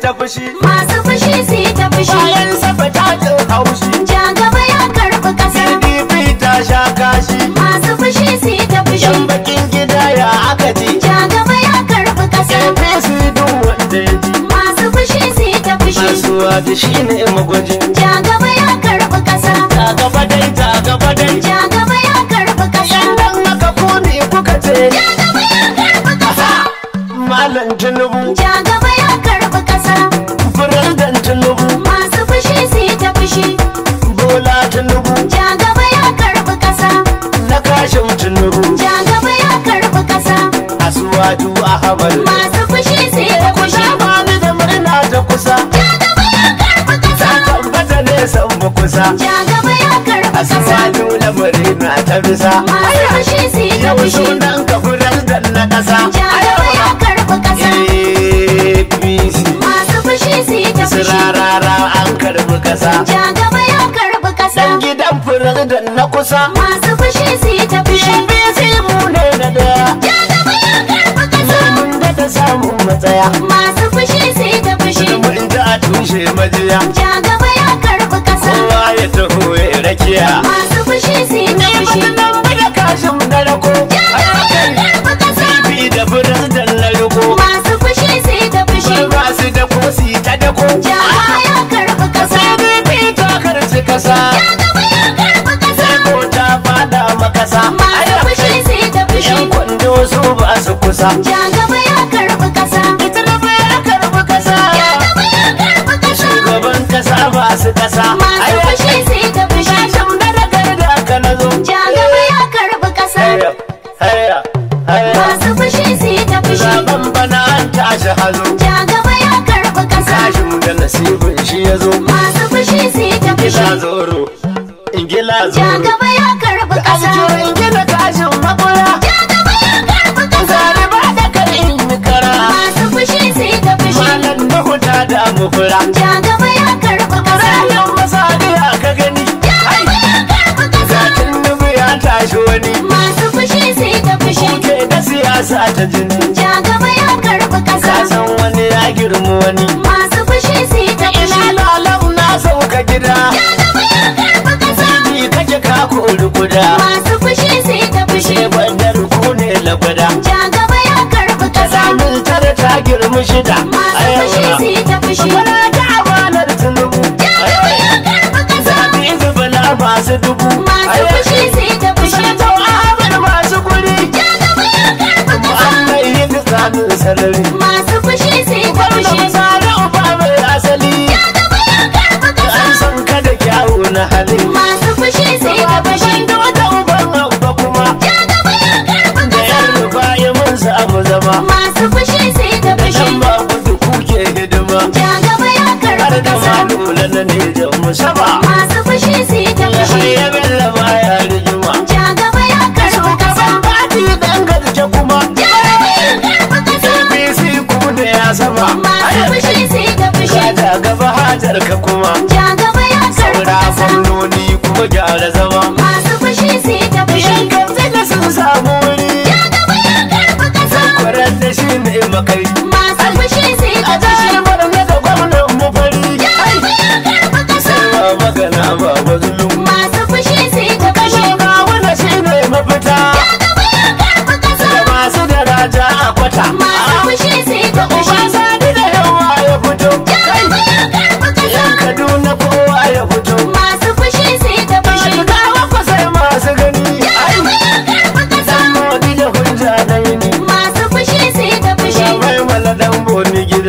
ta fushi masu fushi su yi ta fushi bayan safa ta jin haushi ja gaba ya karbi kasa pdp ta sha kashi masu fushi su yi ta fushi yan bakin gida ya aka ji ja gaba ya karbi kasa apc duk wanda ya ji masu fushi su yi ta fushi masu wadi shine magwaji ja gaba ya karbi kasa ja gaba dai ja gaba dai ja gaba ya karbi kasa dan maka ko ne kuka ce ja gaba ya karbi kasa malam tinubu ja na a ta bisa masu fushi su yi ta fushi sunan ka furar da na kasa jarawa ya karɓi kasa masu fushi su yi ta fushi sirarara an karɓi kasa jagaba ya karɓi kasa dan gidan furar da na kusa masu fushi su yi ta fushi bisi mu ne da daya jagaba ya karɓi kasa mun da ta samu matsaya masu fushi su yi ta fushi mun da a tushe majiya jagaba ya karɓi kasa kowa ya taho ya rakiya sa ta jini ja gaba ya karbi kasa san wani ya girma wani masu fushi su yi ta ina lalau na sauka gida ja gaba ya karɓi ƙasa. ni kake ka kori guda masu fushi su yi ta fushi bandar ku ne lagwada ja gaba ya karbi kasa min tare ta girma shida da makula na ne da musaba masu fushi su yi ta fushi shi ya bella ya rijima ja gaba ya karfa kasa bati dan garje kuma ja gaba ya karfa kasa si ku da ya sama masu fushi su yi ta fushi ja gaba hajar ka kuma ja gaba ya karfa kasa saura gwamnoni kuma gyara zama masu fushi su yi ta fushi yan kanzila sun samu wuri ja gaba ya karfa kasa kwarar da shi ne makai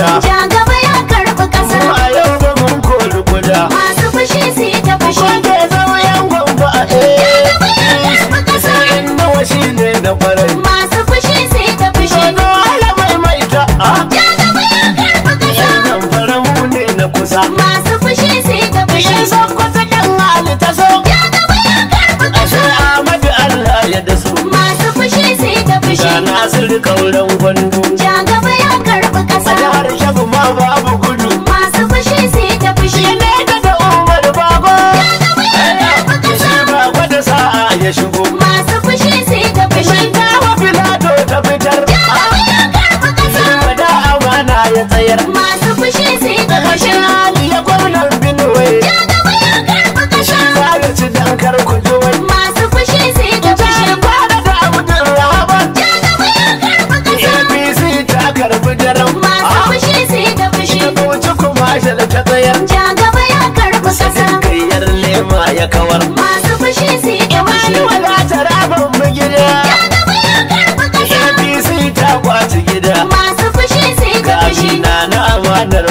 yeah.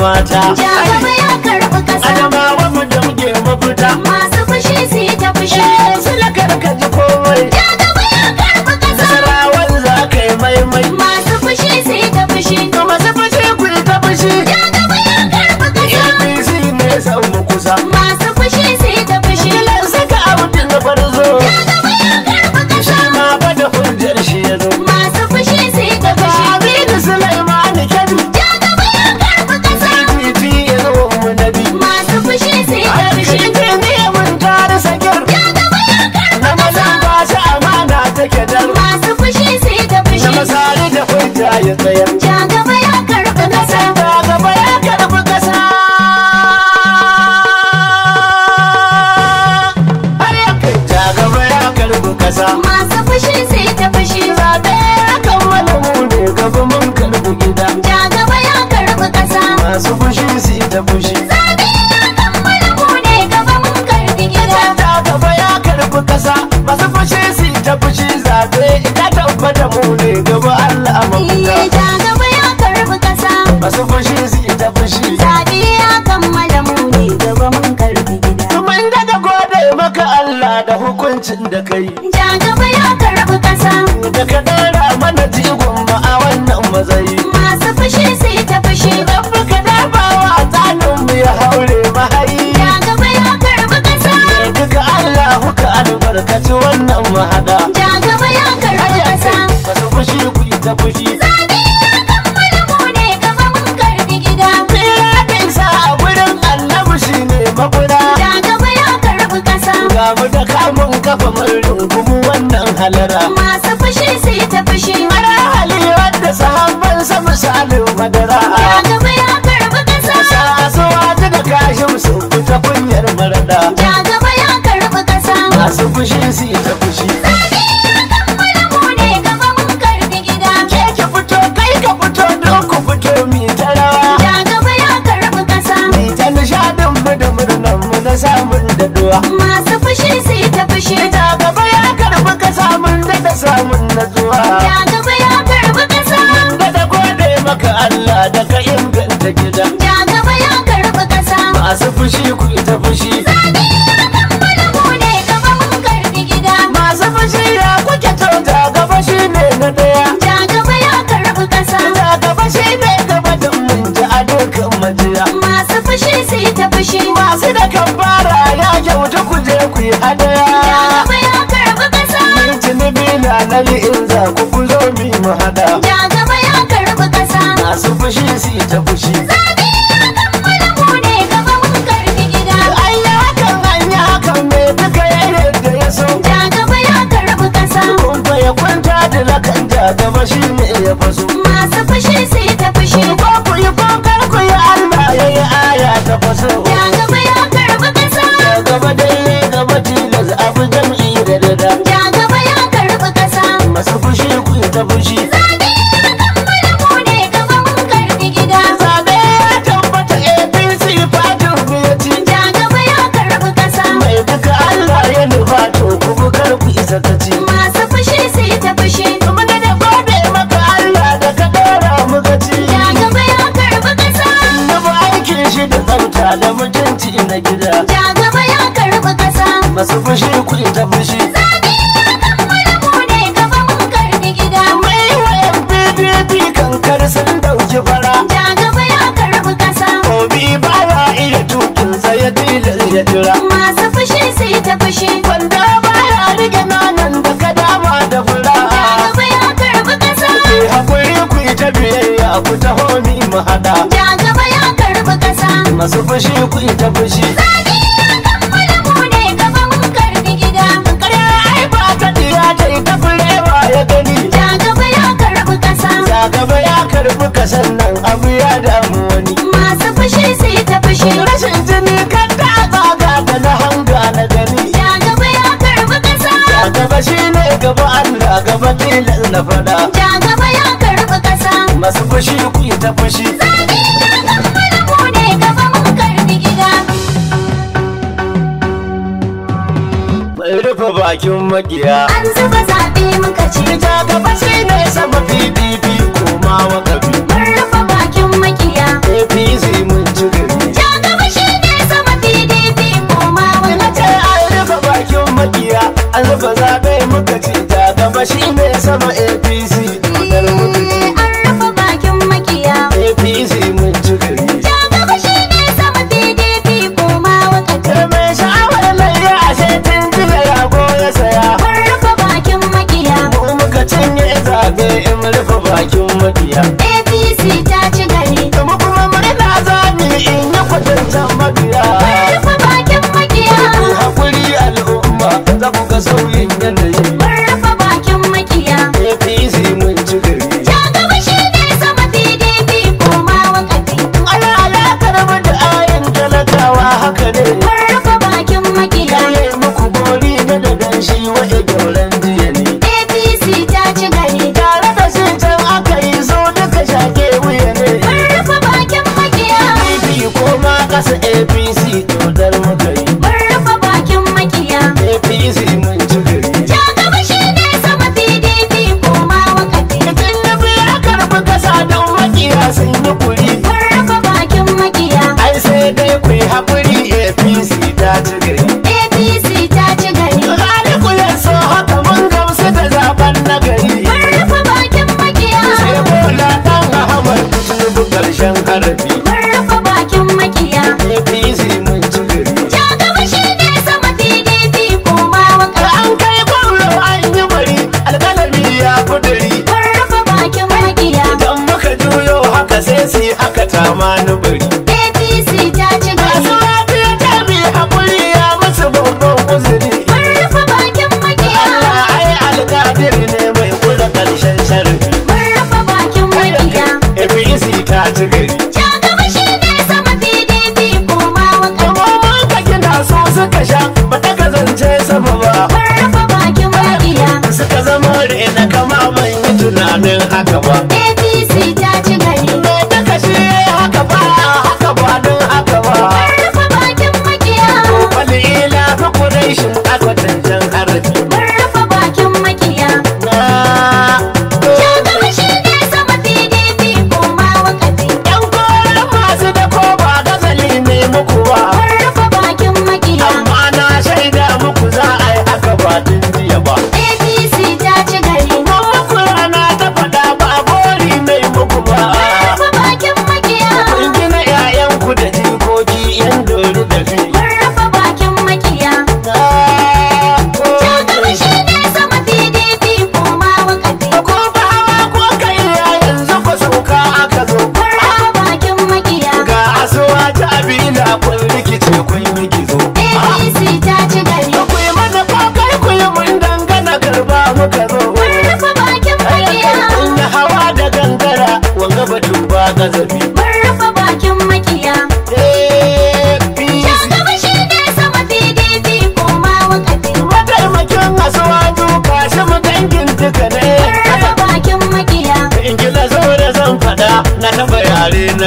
我嫁。masu fushi su ta fushi da masari da hujja ya tsayar ja gaba ya karɓi ƙasa ja gaba ya karɓi ƙasa har ya kai ja gaba ya karɓi ƙasa masu fushi su ta fushi zaɓe ya kammala mu ne gaba mun karɓi gida ja gaba ya karɓi ƙasa masu fushi su ta fushi mahada ja gaba ya karu kasa ba su fushi ku ta fushi zabi ya kammala mu ne gaba mun karbi gida miradin sa a gurin annabi shine makura ja gaba ya karu kasa ga mu da kamun kafa mun rungumu wannan halara masu fushi sai ta fushi mara hali wadda sahabban sa misalin madara ja gaba ya karu kasa sa zuwa da kashin su ta kunyar marada ja gaba ya karu kasa masu fushi sai ta fushi magiya APC ta ci gari. Kuma kuma murna za mu in na kudin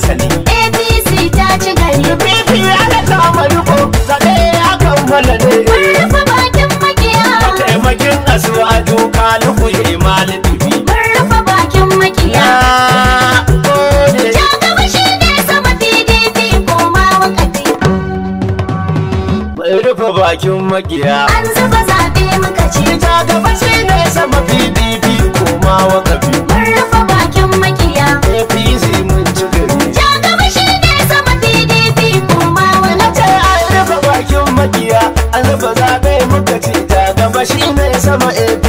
na sani apc ta ci gari pipi ala ta maruko zabe ya kammala ne mun rufe bakin makiya mataimakin asuwaju kalufu imali bibi mun rufe bakin makiya rufe bakin makiya an zuba zaɓe muka ci ta gaba shi ne sama pdp koma wakafi mun rufe bakin makiya apc ba shi ne sama e